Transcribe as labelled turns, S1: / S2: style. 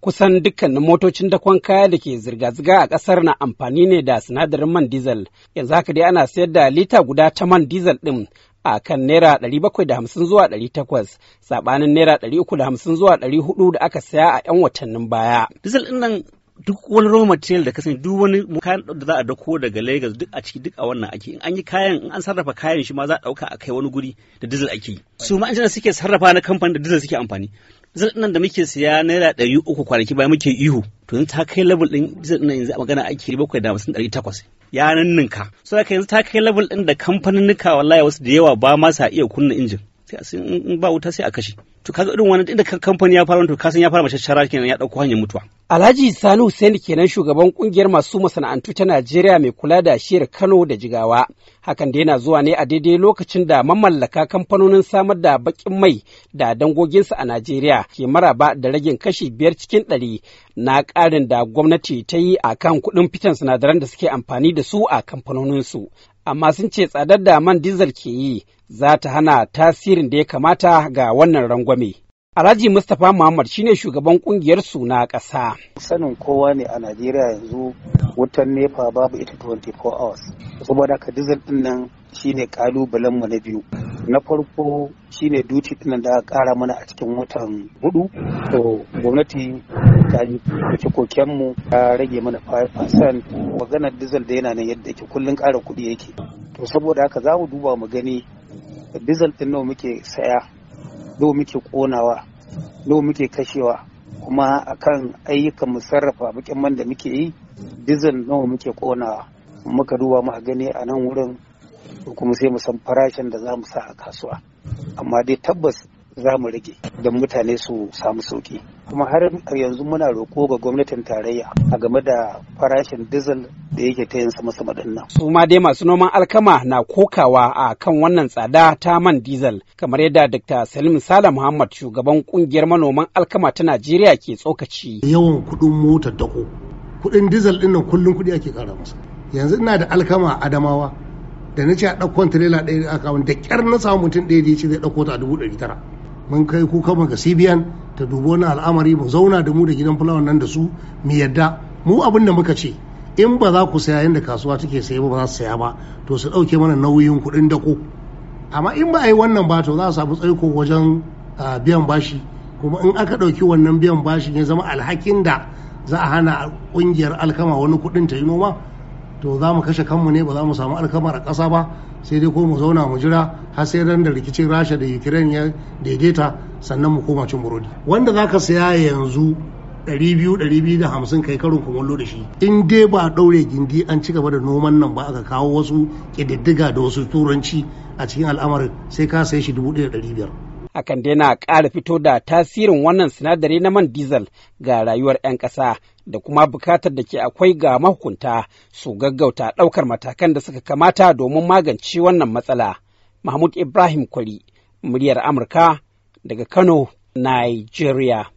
S1: kusan dukkanin motocin dakon kaya da ke zirga-zirga a ƙasar na amfani ne da sinadarin man diesel yanzu haka dai ana sayar da lita guda ta man diesel ɗin a kan naira 750 zuwa 800 saɓanin naira 350 zuwa 400 da aka saya a 'yan watannin baya. diesel ɗin nan duk wani raw material da kasance duk wani kayan da za a dauko daga
S2: Lagos duk a ciki duk a wannan ake in an yi kayan in an sarrafa kayan shi ma za a dauka a kai wani guri da diesel ake su ma suke sarrafa na kamfanin da diesel suke amfani zan ɗin da muke siya naira ɗari uku kwanaki bayan muke ihu to yanzu ta kai level ɗin zan ɗin yanzu a magana ake bakwai da hamsin ɗari takwas ya ninka so haka yanzu ta kai level ɗin da kamfanin nuka wallahi wasu da yawa ba ma sa iya kunna injin Sai in ba wuta sai a kashe to kaga irin wani inda kamfani ya fara to kasan ya fara mace shara kenan ya ɗauko hanyar mutuwa
S1: Alhaji Sani Hussein kenan shugaban kungiyar masu masana'antu ta Najeriya mai kula da shiyar Kano da Jigawa. Hakan da yana zuwa ne a daidai lokacin da mamallaka kamfanonin samar da bakin mai da dangoginsa a Najeriya ke maraba da ragin kashi biyar cikin ɗari na ƙarin da gwamnati ta yi a kan kuɗin fitan sinadaran da suke amfani da su a kamfanoninsu. Amma sun ce tsadar da man dizal ke yi za ta hana tasirin da ya kamata ga wannan rangwame. Alhaji Mustapha Muhammad shine shugaban kungiyar su
S3: na ƙasa. Sanin kowa ne a Najeriya yanzu wutan nefa babu ita 24 hours. Saboda ka dizal din nan shine kalubalen mu na biyu. Na farko shine duty din da aka ƙara mana a cikin watan hudu. To gwamnati ta yi koken mu ta rage mana 5% maganar dizal da yana nan yadda yake kullun ƙara kuɗi yake. To saboda haka za mu duba mu gani dizal din nawa muke saya nawa muke konawa nawa muke kashewa kuma akan ayyukan mu sarrafa bakin man da muke yi dizal nawa muke konawa muka duba mu gani a nan wurin kuma sai mu san farashin da za mu sa a kasuwa amma dai tabbas za mu rage don mutane su samu sauki kuma har yanzu muna roko ga gwamnatin tarayya a game da farashin dizal da yake ta yin sama sama dinnan.
S1: su ma dai masu noman alkama na kokawa a kan wannan tsada ta man dizal kamar yadda dr salim salam muhammad shugaban kungiyar manoman alkama ta najeriya ke tsokaci
S4: yawan kuɗin motar dako kuɗin dizal ɗinnan kullum kuɗi ake kara masa yanzu ina da alkama adamawa da na ce a ɗaukon tirela ɗaya da aka da ƙyar na samu mutum ɗaya da ya ce zai ɗauko ta a dubu ɗari tara mun kai kuka kama ga cbn ta dubi wani al'amari mu zauna da mu da gidan fulawan nan da su mu yadda mu abin da muka ce in ba za ku saya yadda kasuwa take saye ba ba za su saya ba to su ɗauke mana nauyin kuɗin dako amma in ba a yi wannan ba to za a samu tsaiko wajen biyan bashi kuma in aka ɗauki wannan biyan bashin ya zama alhakin da za a hana ƙungiyar alkama wani kuɗin ta yi noma to za mu kashe kanmu ne ba za mu samu alkamar a ƙasa ba sai dai ko mu zauna mu jira har sai ran da rikicin rasha da ukraine ya daidaita sannan mu koma cin burodi wanda za ka saya yanzu 200-250 kai karin kumallo da shi in dai ba ɗaure gindi an ci gaba da noman nan ba aka kawo wasu ƙididdiga da wasu turanci a cikin al'amarin sai ka sai shi 1500
S1: akan daina ƙara fito da tasirin wannan sinadari na man diesel ga rayuwar 'yan ƙasa da kuma bukatar da ke akwai ga mahukunta su gaggauta ɗaukar matakan da suka kamata domin magance wannan matsala. Mahmud Ibrahim Kwari, muryar Amurka daga Kano, Nigeria.